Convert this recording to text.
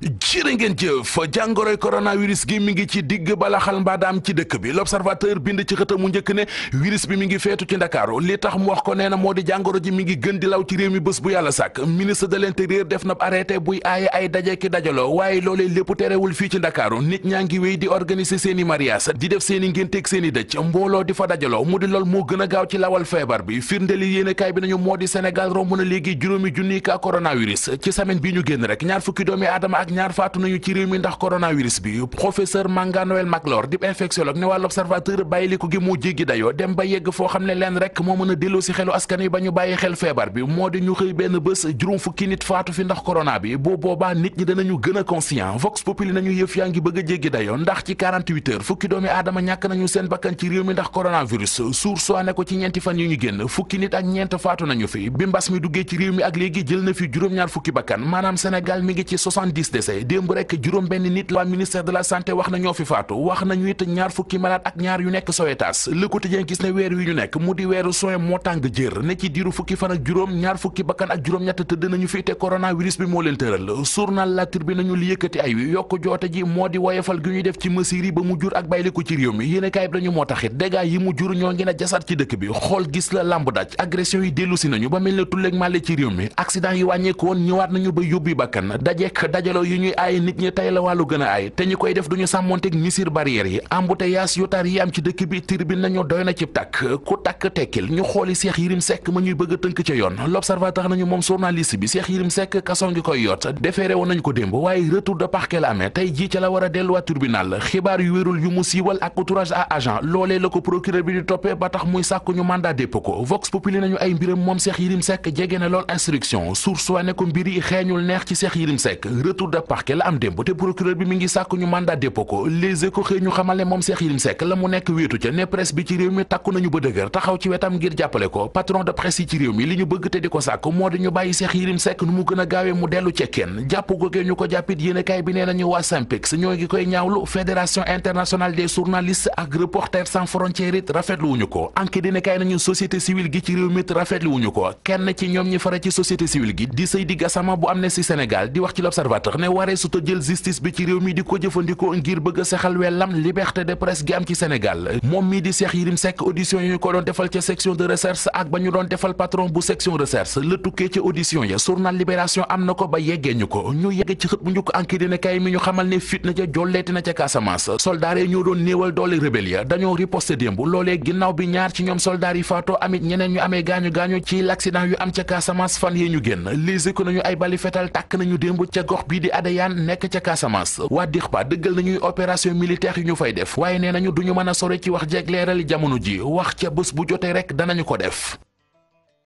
jërë ngeen jëf jàngoroy coronavirus gi mi ngi ci digg xal mbaadaam ci dëkk bi l'observateur bind ci xëtam mu njëkk ne virus bi mi ngi feetu ci ndakaaru li tax mu wax ko nee na moo di jàngoro ji mi ngi gën di law ci réew mi bés bu yàlla sàkk ministre de l'intérieur def na arrêté buy aaye ay daje ki dajaloo waaye loolee lépp terewul fii ci ndakaaru nit ñaa ngi wéy di organiser seeni mariage di def seeni ngénteeg seeni dëj mbooloo di fa dajaloo mu di lool moo gën a gaaw ci lawal feebar bi firndeli yéenekaay bi nañu moo di Sénégal romb na léegi juróomi junni ka coronavirus ci semaine bi ñu génn rek ñaar fukki doomi aadama ak ñaar faatu nañu ci réew mi ndax coronavirus bi professeur Manga Noël Maclor di infectiologue ne waa l'Observateur bàyyiliku gi moo jéggi dayoo dem ba yegg foo xam ne leen rek moo mën a delloo si xelu askan yi ba ñu bàyyi xel feebar bi moo di ñu xëy benn bés juróom fukki nit faatu fi ndax corona bi bu nit ñi danañu gën a conscient vox populi nañu yëf yaa ngi bëgg a jéggi dayoo ndax ci 48 heures fukki doomi aadama ñàkk nañu seen bakkan ci réew mi ndax coronavirus sour soi ne ko ci ñeenti fan yu ñu ñeent faatu nañu fi bi mbas ci réew mi ak jël na fi juróom-ñaar fukki bakkan maanaam Sénégal mi ngi ci 70 décès démb rek juróom benn nit la ministère de la santé wax na ñoo fi faatu wax nañu it ñaar fukki malade ak ñaar yu nekk Sowetas Le Quotidien gis ne weer wi ñu nekk mu di weeru soin moo tàng jër ne ci diiru fukki fan ak juróom ñaar fukki bakkan ak juróom-ñett tëdd nañu fi te coronavirus bi moo leen tëral journal La Tribune nañu li yëkkati ay wi yokk joote ji moo di woyefal gi ñuy def ci mesures yi ba mu jur ak bàyyili ci réew mi yéen yu ñuy aay nit ñi tey la wàllu gën a aay te ñi koy def duñu sàmmonteeg misir barrière yi embouteillage yu tar yi am ci dëkk bi tribune nañu doy na ci tàkk ku tàkk tekkil ñu xooli Cheikh Yérim Seck ma ñuy bëgg tënk ca yoon l'observateur nañu moom journaliste bi Cheikh Yérim Seck kaso ngi koy yoot déféré woon nañ ko démb waaye retour de parquet la amee tey jii ca la war a delluwaat xibaar yu wérul yu mu siiwal ak outrage à agent loolee la ko procureur bi ba tax muy sàkku ñu mandat dépôt ko vox populi nañu ay mbiram moom Cheikh Yérim Seck jege na lool instruction source wa ne ko mbir yi xeeñul neex ci parquet la am démb te procureur bi mi ngi sàkk ñu mandat dépôt ko les échos xëy ñu xamal moom Cheikh Yérim Seck la mu nekk wéetu ca ne presse bi ci réew mi takku nañu ba dëgër taxaw ci wetam ngir jàppale ko patron de presse yi ci réew mi li ñu bëgg te di ko sàkk moo di ñu bàyyi Cheikh Yérim Seck nu mu gën a gaawee mu dellu ca jàpp googee ñu ko jàppit yéenekaay bi nee nañu waa ñoo ngi koy ñaawlu fédération internationale des journalistes ak ne waree su ta jël justice bi ci réew mi di ko jëfandikoo ngir bëgg a sexal liberté de presse gi am ci Sénégal moom mii di Cheikh Yérim Seck audition yi ñu ko defal ca section de recherche ak ba ñu doon defal patron bu section recherche la tukkee ca audition ya journal Libération am na ko ba yeggee ñu ko ñu yegge ci xët bu njëkk enquête dina mi ñu xamal ne fit ca jolleeti na ca Casamance soldaar yi ñoo doon néewal doole rébelles ya dañoo riposte di Adeyane nekk ca Casamance wa DIRPA dëggal nañuy opération militaire yu ñu fay def waaye nee nañu duñu mën a sore ci wax jeeg leeral jamono ji wax ca bés bu jotee rek danañu ko def